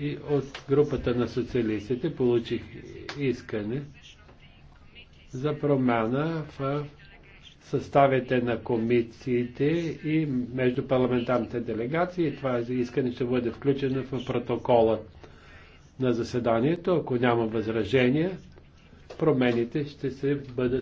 И от групата на социалистите получих искане за промяна в съставите на комисиите и между парламентарните делегации. Това искане ще бъде включено в протокола на заседанието. Ако няма възражения, промените ще се бъдат